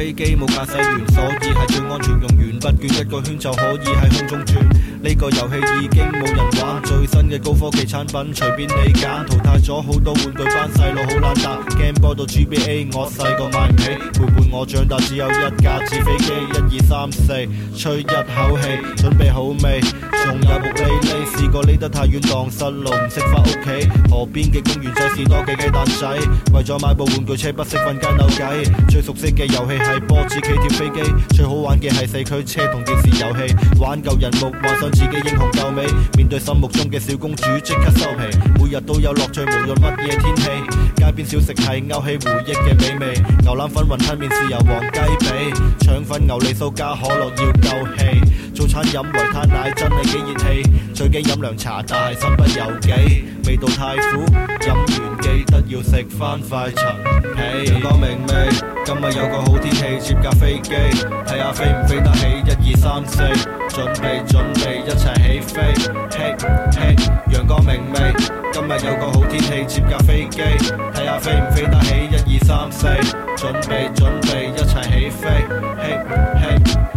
飛機冇駕駛員，所以係最安全用。用完不倦一個圈就可以喺空中轉。呢、這個遊戲已經冇人玩，最新嘅高科技產品隨便你揀。淘汰咗好多玩具班，班細路好懶彈。Game Boy 到 GBA，我細個買唔起。陪伴我長大只有一架紙飛機。一二三四，吹一口氣，準備好未？仲有木喱喱，試過匿得太遠，蕩失路，唔識返屋企。河邊嘅公園仔士多嘅雞蛋仔，為咗買部玩具車，不惜瞓街扭計。最熟悉嘅遊戲。係波子企跳飛機，最好玩嘅係四驅車同電視遊戲，玩夠人目，幻想自己英雄救美，面對心目中嘅小公主即刻收皮。每日都有樂趣，無論乜嘢天氣，街邊小食係勾起回憶嘅美味，牛腩粉、雲吞麵、豉油皇雞髀，腸粉、牛脷酥加可樂要夠氣。早餐飲維他奶真係幾熱氣，最驚飲涼茶但係身不由己，味道太苦飲完。記得要食翻塊陳皮。Hey 陽光明媚，今日有個好天氣接架飛機，睇下飛唔飛得起。一二三四，準備準備，一齊起，起飛。嘿、hey，嘿、hey，陽光明媚，今日有個好天氣接架飛機，睇下飛唔飛得起。一二三四，準備準備，一齊起，起飛。嘿、hey，嘿、hey。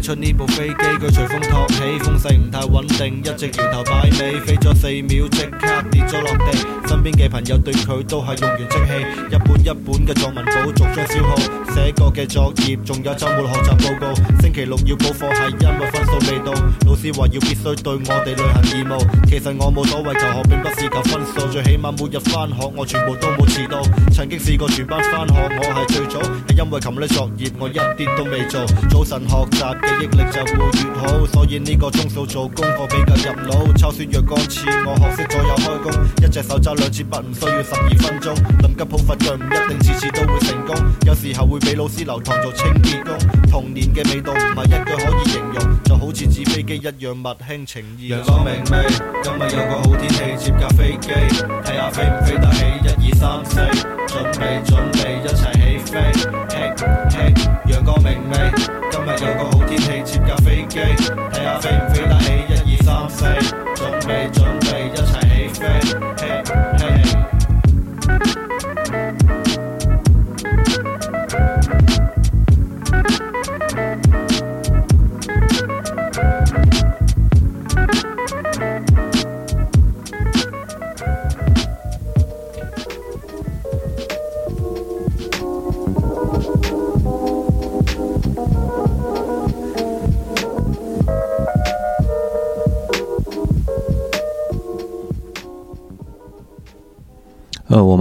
出呢部飛機，佢隨風托起，風勢唔太穩定，一直搖頭擺尾，飛咗四秒即刻跌咗落地。身邊嘅朋友對佢都係用完即棄，一本一本嘅作文簿逐張消耗，寫過嘅作業，仲有周末學習報告，星期六要補課係因為分數未到，老師話要必須對我哋履行義務。其實我冇所謂，求學並不是求分數，最起碼每日返學我全部都冇遲到。曾經試過全班返學我係最早，係因為琴日啲作業我一啲都未做，早晨學習。記憶力就會越好，所以呢個鐘數做功課比較入腦。抄書若干次，似我學識咗左右開弓，一隻手揸兩支筆，唔需要十二分鐘。臨急抱佛腳唔一定次次都會成功，有時候會俾老師留堂做清潔工。童年嘅味道唔係一句可以形容，就好似紙飛機一樣物輕情意。陽光明媚，今日有個好天氣，接架飛機，睇下飛唔飛得起。一二三四，準備準備，準備，一齊起，起飛。陽光明媚。有個好天氣，接架飛機，睇下飛唔飛得起，一二三四，準備準備。